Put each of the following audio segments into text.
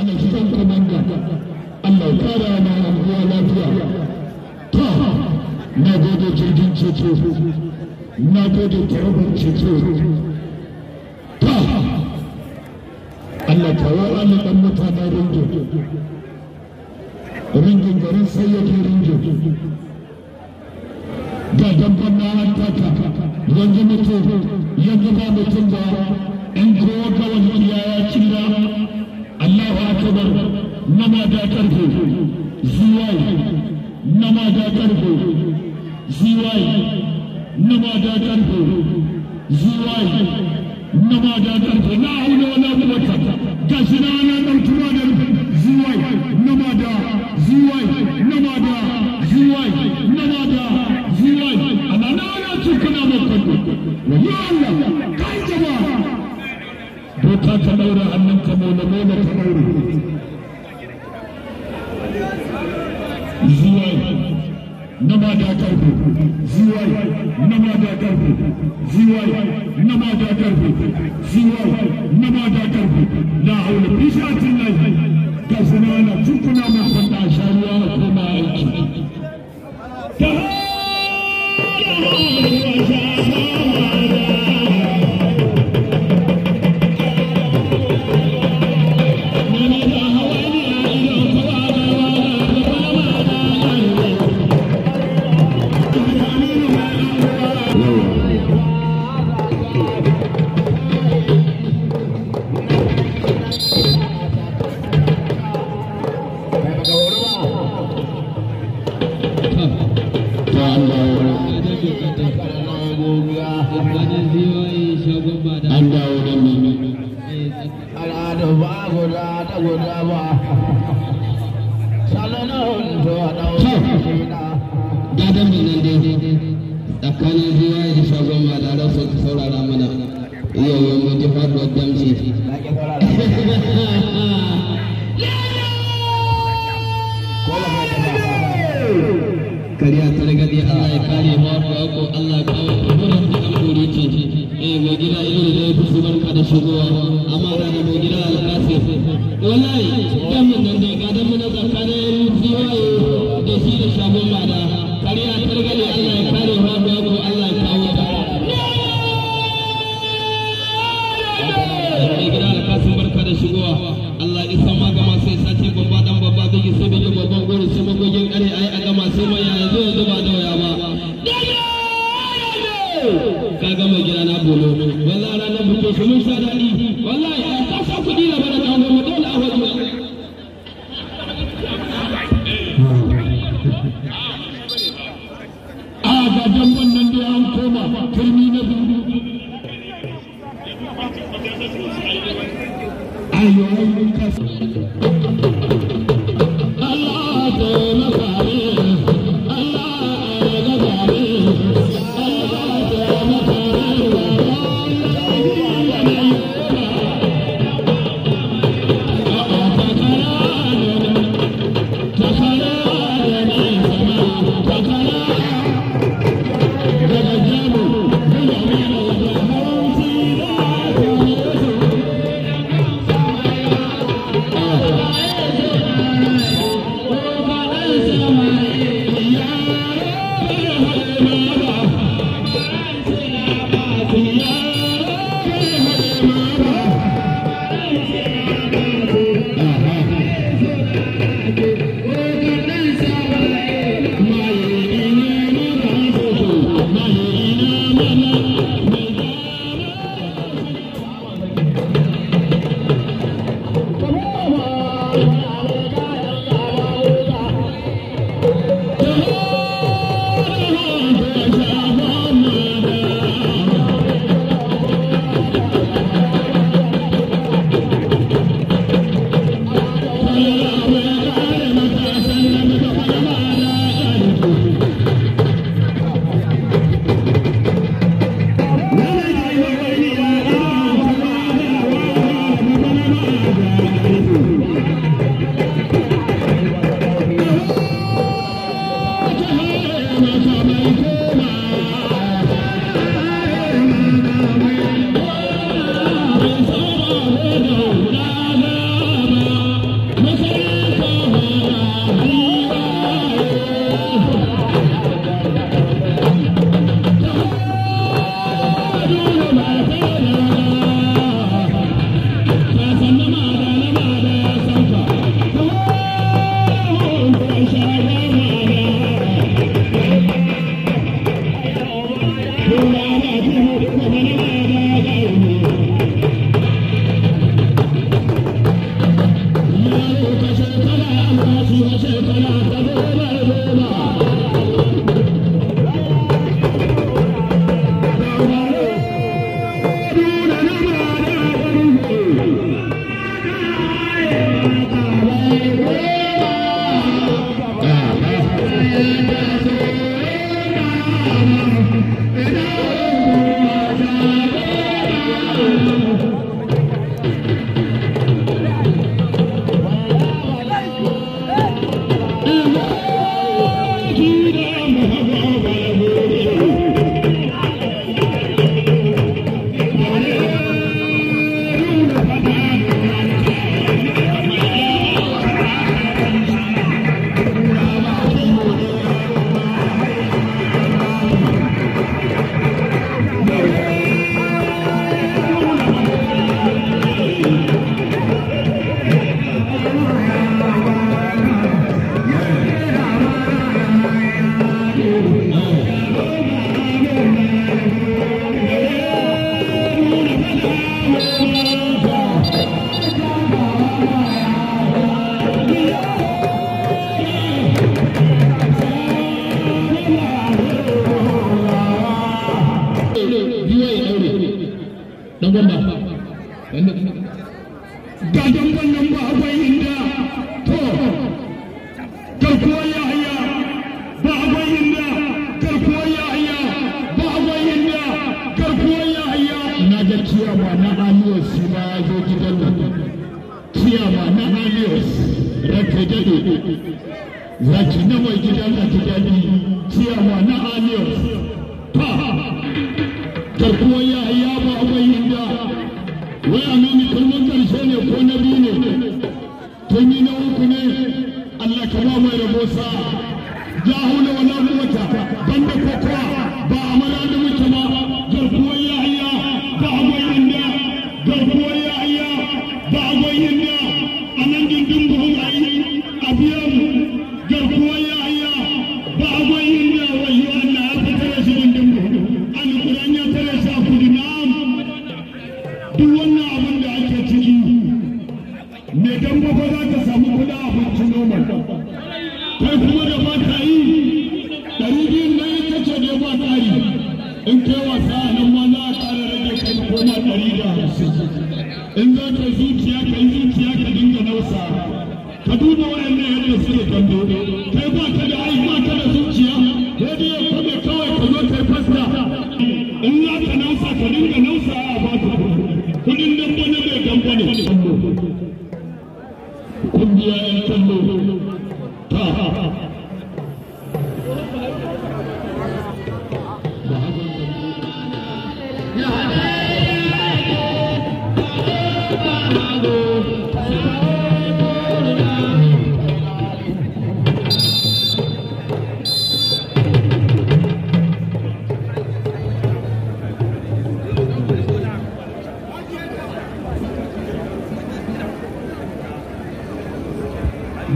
ana cikin komanda Allah ya kara ma anguwa lafiya to na gode jirgin ceto na gode tarabar ceto to Allah kawo Allah dan mutane rinjo ringin garin sai yake rinjo Ga dabban na hankaka yanzu mutum yanzu ba mutum da in kowa kawai ya ci na mata karfe zy na mata karfe zy na mata karfe zy na mata karfe na aure wala kuwata ga shi na ana ɗauki madar zy na mata zy na mata zy na mata zy ana na na ana cikina mutum wani Allah kai jama'a Dota ka daura hannun ka mola mola ka daura zuwai na mata karfe zuwai na mata karfe zuwai na mata karfe zuwai na mata karfe la haula bi sha'atin lahi tukuna ma fanda shariya ma aiki ta an dawo da ni al'ada da mana Allah ya kare mu Allah ya kawo mu Security eh mai gida da shagon mada kariya kare ha da ma gajen wannan da an koma turmi na biyu ayo ka alhaji na mai gida na a ma na aliyar ta tarkuwar ya ya ba abai da wai amini kalmar karshe ne ko na biyu ne tun yi na uku ne allah ka ba mai rabosa ya hula wala mota banda kokowa idan zuciya ka dinga nausa ka duba waɗannan yadda suke dodo.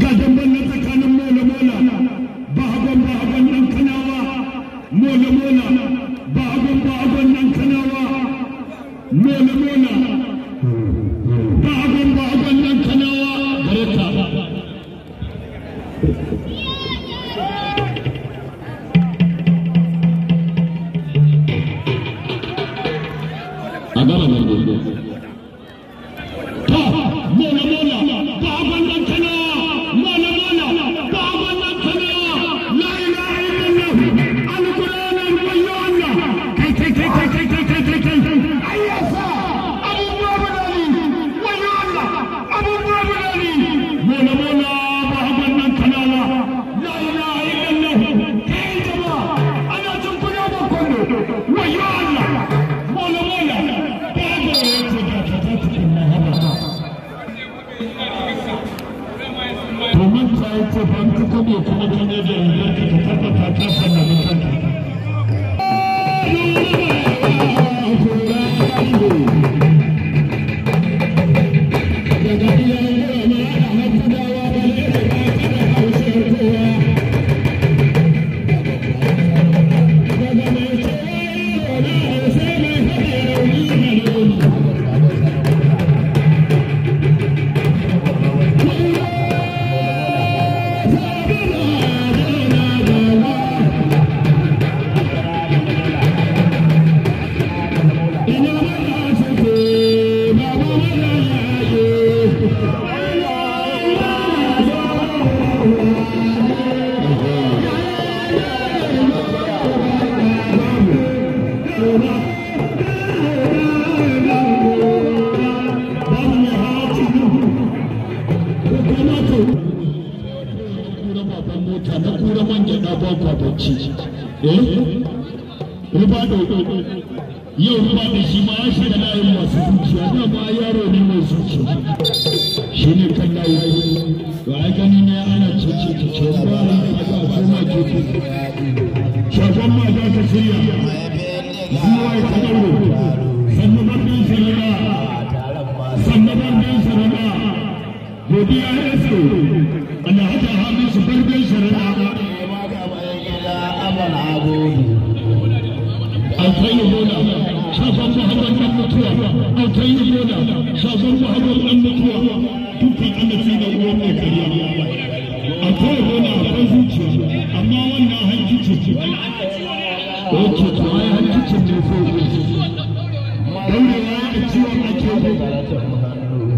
ga damban na tsakanin mola mola ba hagon ba hagon nan kanawa mola mola ba hagon ba hagon nan kanawa mola mola ba hagon ba hagon nan kanawa gare ka a You. mota na kura man gyaɗa ba kwa bacci rufa ɗauɗo yau rufa da shi ma layin masu zuciya da ma yaro ne mai zuciya shi ne kan layi to gani ne ana cece ta ce ba a ba koma gefe shafan ma za shirya zuwa ya ta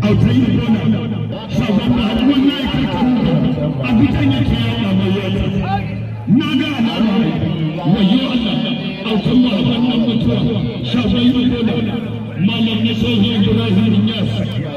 I'll tell you one. Malam ne sözü Ibrahim Yas.